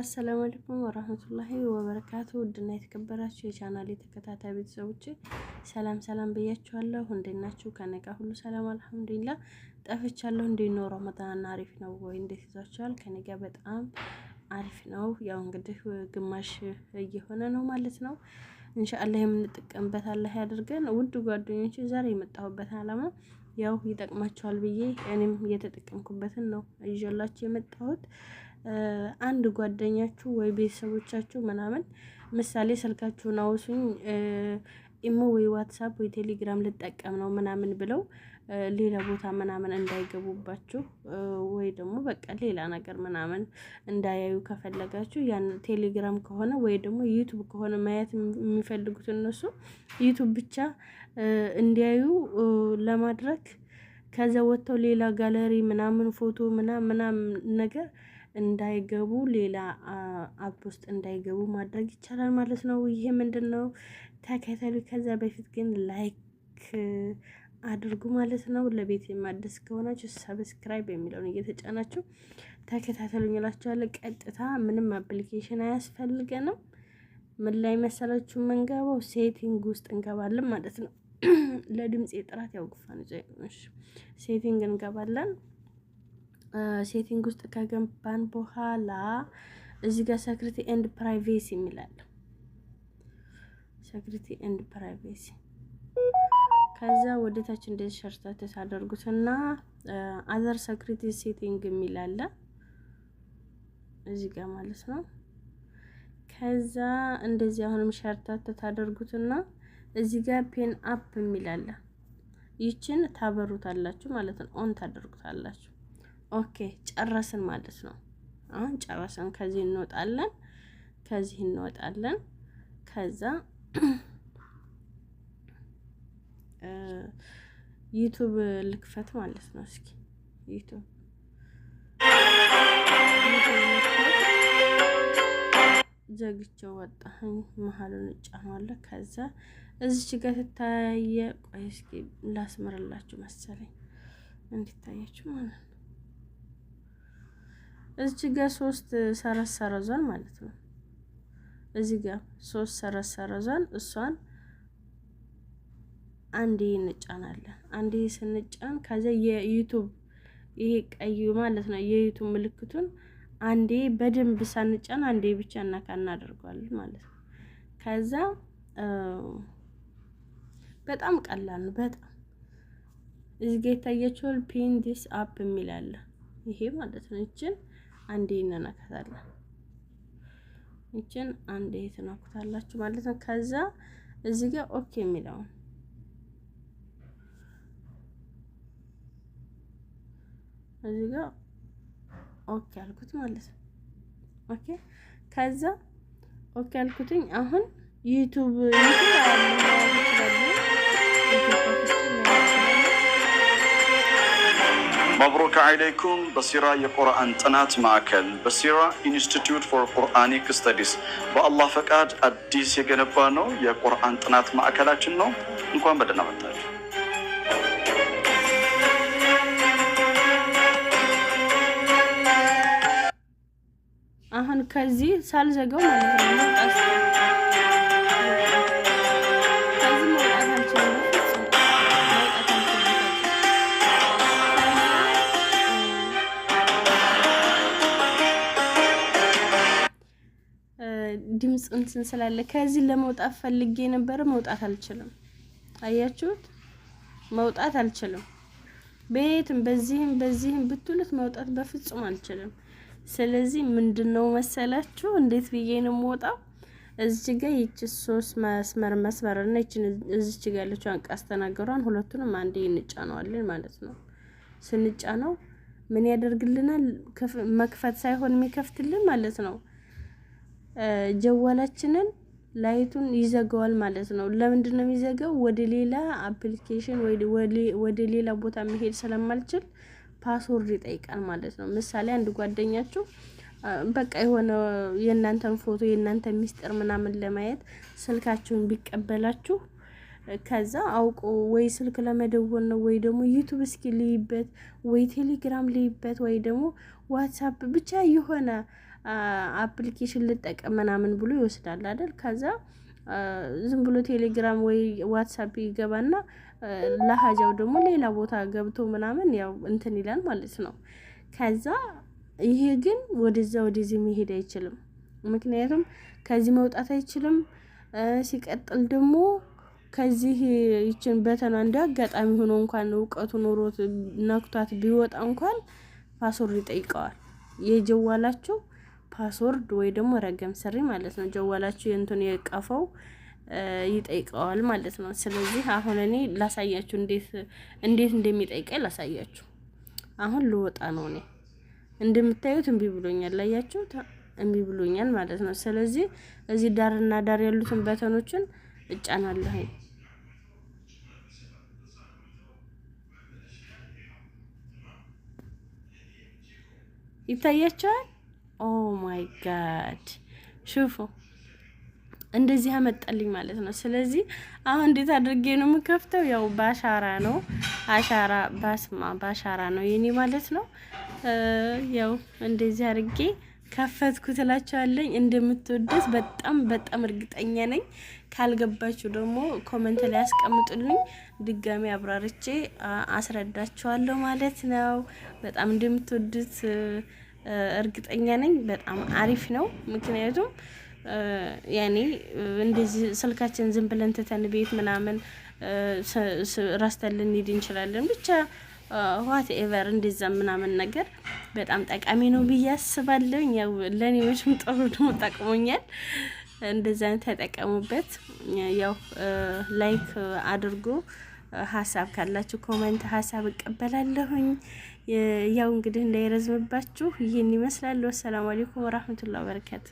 አሰላሙ አለይኩም ወራህመቱላሂ ወበረካቱ። ውድና የተከበራችሁ የቻናል የተከታታይ ቤተሰቦች ሰላም ሰላም ብያችኋለሁ። እንዴት ናችሁ? ከነቃ ሁሉ ሰላም አልሐምዱሊላ። ጠፍቻለሁ። እንዴት ነው ረመዳን አሪፍ ነው ወይ? እንዴት ይዟችኋል? ከነጋ በጣም አሪፍ ነው። ያው እንግዲህ ግማሽ እየሆነ ነው ማለት ነው። እንሻአላህ የምንጠቀምበት አላህ ያድርገን። ውድ ጓደኞች፣ ዛሬ የመጣሁበት አላማ ያው ይጠቅማቸዋል ብዬ እኔም እየተጠቀምኩበትን ነው ይዤላችሁ የመጣሁት። አንድ ጓደኛችሁ ወይ ቤተሰቦቻችሁ ምናምን ምሳሌ ስልካችሁን አውሱኝ፣ ኢሞ ወይ ዋትሳፕ ወይ ቴሌግራም ልጠቀም ነው ምናምን ብለው ሌላ ቦታ ምናምን እንዳይገቡባችሁ ወይ ደግሞ በቃ ሌላ ነገር ምናምን እንዳያዩ ከፈለጋችሁ ያን ቴሌግራም ከሆነ ወይ ደግሞ ዩቱብ ከሆነ ማየት የሚፈልጉት እነሱ ዩቱብ ብቻ እንዲያዩ ለማድረግ ከዛ ወጥተው ሌላ ጋለሪ ምናምን ፎቶ ምናምን ነገር እንዳይገቡ ሌላ አፕ ውስጥ እንዳይገቡ ማድረግ ይቻላል ማለት ነው። ይሄ ምንድን ነው? ተከተሉ። ከዛ በፊት ግን ላይክ አድርጉ ማለት ነው። ለቤት የማደስ ከሆናችሁ ሰብስክራይብ የሚለውን እየተጫናችሁ ተከታተሉኝ እላችኋለሁ። ቀጥታ ምንም አፕሊኬሽን አያስፈልገንም። ምን ላይ መሰላችሁ የምንገባው ሴቲንግ ውስጥ እንገባለን ማለት ነው። ለድምፅ የጥራት ያው ግፋን ጉፋን ሴቲንግ እንገባለን። ሴቲንግ ውስጥ ከገባን በኋላ እዚህ ጋር ሰክሪቲ ኤንድ ፕራይቬሲ የሚላለው ሰክሪቲ ኤንድ ፕራይቬሲ ከዛ ወደታች እንደዚህ ሸርተት አደርጉትና አዘር ሰክሪቲ ሴቲንግ የሚላለ እዚህ ጋር ማለት ነው። ከዛ እንደዚህ አሁንም ሸርተት ታደርጉትና እዚህ ጋር ፔን አፕ የሚላለ ይችን ታበሩታላችሁ ማለት ነው። ኦን ታደርጉታላችሁ። ኦኬ ጨረስን ማለት ነው። አሁን ጨረስን። ከዚህ እንወጣለን፣ ከዚህ እንወጣለን። ከዛ ዩቱብ ልክፈት ማለት ነው። እስኪ ዩቱብ ዘግቼው ወጣሁኝ። መሀሉን እጫኗለ። ከዛ እዚች ጋር ትታየ። ቆይ እስኪ ላስምርላችሁ መሰለኝ እንዲታያችሁ ማለት ነው። እዚች ጋር ሶስት ሰረዝ ሰረዟን ማለት ነው። እዚህ ጋር ሶስት ሰረዝ ሰረዟን እሷን አንዴ እንጫናለን። አንዴ ስንጫን ከዚያ የዩቱብ ይሄ ቀዩ ማለት ነው የዩቱብ ምልክቱን አንዴ በደንብ ሳንጫን አንዴ ብቻ እናካ እናደርገዋለን ማለት ነው። ከዛ በጣም ቀላል ነው። በጣም እዚህ ጋ የታያችኋል ፒን ዲስ አፕ የሚል አለ። ይሄ ማለት ነው። ይችን አንዴ እንነካታለን። ይችን አንዴ ትነኩታላችሁ ማለት ነው። ከዛ እዚህ ጋ ኦኬ የሚለውን እዚህ ጋር ኦኬ አልኩት ማለት ነው። ኦኬ ከዛ ኦኬ አልኩትኝ። አሁን ዩቲዩብ መብሩክ አለይኩም በሲራ የቁርአን ጥናት ማዕከል በሲራ ኢንስቲትዩት ፎር ቁርአኒክ ስተዲስ በአላህ ፈቃድ አዲስ የገነባ ነው የቁርአን ጥናት ማዕከላችን ነው። እንኳን በደህና መጣችሁ። አሁን ከዚህ ሳልዘገው ማለት ነው ድምፅ እንትን ስላለ ከዚህ ለመውጣት ፈልጌ የነበረ መውጣት አልችልም። አያችሁት? መውጣት አልችልም። በየትም በዚህም በዚህም ብትሉት መውጣት በፍጹም አልችልም። ስለዚህ ምንድን ነው መሰላችሁ እንዴት ብዬ ነው የምወጣው? እዚች ጋር ይቺ ሶስት መስመር መስመር እና ይቺን እዚች ጋር ያለችውን አስተናገሯን ሁለቱንም አንዴ እንጫነዋለን ማለት ነው። ስንጫነው ምን ያደርግልናል? መክፈት ሳይሆን የሚከፍትልን ማለት ነው። ጀዋላችንን ላይቱን ይዘጋዋል ማለት ነው። ለምንድን ነው የሚዘጋው? ወደ ሌላ አፕሊኬሽን ወደ ሌላ ቦታ መሄድ ስለማልችል ፓስወርድ ይጠይቃል ማለት ነው። ምሳሌ አንድ ጓደኛችሁ በቃ የሆነ የእናንተን ፎቶ የእናንተ ሚስጥር ምናምን ለማየት ስልካችሁን ቢቀበላችሁ ከዛ አውቆ ወይ ስልክ ለመደወል ነው ወይ ደግሞ ዩቱብ እስኪ ልይበት ወይ ቴሌግራም ልይበት ወይ ደግሞ ዋትሳፕ ብቻ የሆነ አፕሊኬሽን ልጠቀም ምናምን ብሎ ይወስዳል አይደል? ከዛ ዝም ብሎ ቴሌግራም ወይ ዋትሳፕ ይገባና ለሀጃው ደግሞ ሌላ ቦታ ገብቶ ምናምን ያው እንትን ይላል ማለት ነው። ከዛ ይሄ ግን ወደዛ ወደዚህ መሄድ አይችልም። ምክንያቱም ከዚህ መውጣት አይችልም። ሲቀጥል ደግሞ ከዚህ ይችን በተና እንደ አጋጣሚ ሆኖ እንኳን እውቀቱ ኖሮት ነክቷት ቢወጣ እንኳን ፓስወርድ ይጠይቀዋል የጀዋላችሁ ፓስወርድ ወይ ደግሞ ረገም ስሪ ማለት ነው ጀዋላችሁ የእንትን የቀፈው ይጠይቀዋል ማለት ነው። ስለዚህ አሁን እኔ ላሳያችሁ እንዴት እንዴት እንደሚጠይቀኝ ላሳያችሁ። አሁን ልወጣ ነው እኔ እንደምታዩት እምቢ ብሎኛል። ላያችሁ እምቢ ብሎኛል ማለት ነው። ስለዚህ እዚህ ዳርና ዳር ያሉትን በተኖችን እጫናለሁ። ይታያቸዋል ኦ ማይ ጋድ ሹፉ እንደዚህ አመጣልኝ ማለት ነው። ስለዚህ አሁን እንዴት አድርጌ ነው የምከፍተው? ያው ባሻራ ነው አሻራ ባስማ ባሻራ ነው የኔ ማለት ነው። ያው እንደዚህ አድርጌ ከፈትኩ ትላቸዋለኝ። እንደምትወደስ በጣም በጣም እርግጠኛ ነኝ። ካልገባችሁ ደግሞ ኮመንት ላይ ያስቀምጡልኝ፣ ድጋሚ አብራርቼ አስረዳችኋለሁ ማለት ነው። በጣም እንደምትወዱት እርግጠኛ ነኝ በጣም አሪፍ ነው። ምክንያቱም ያኔ እንደዚህ ስልካችን ዝም ብለን ትተን ቤት ምናምን ረስተን ልንሄድ እንችላለን። ብቻ ዋት ኤቨር እንደዛ ምናምን ነገር በጣም ጠቃሚ ነው ብዬ አስባለሁ። ያው ለእኔ መቼም ጥሩ ነው፣ ጠቅሞኛል። እንደዛ ተጠቀሙበት። ያው ላይክ አድርጎ ሀሳብ ካላችሁ ኮመንት ሀሳብ እቀበላለሁኝ። ያው እንግዲህ እንዳይረዝምባችሁ ይህን ይመስላል። ወሰላሙ አለይኩም ወራህመቱላ በረከት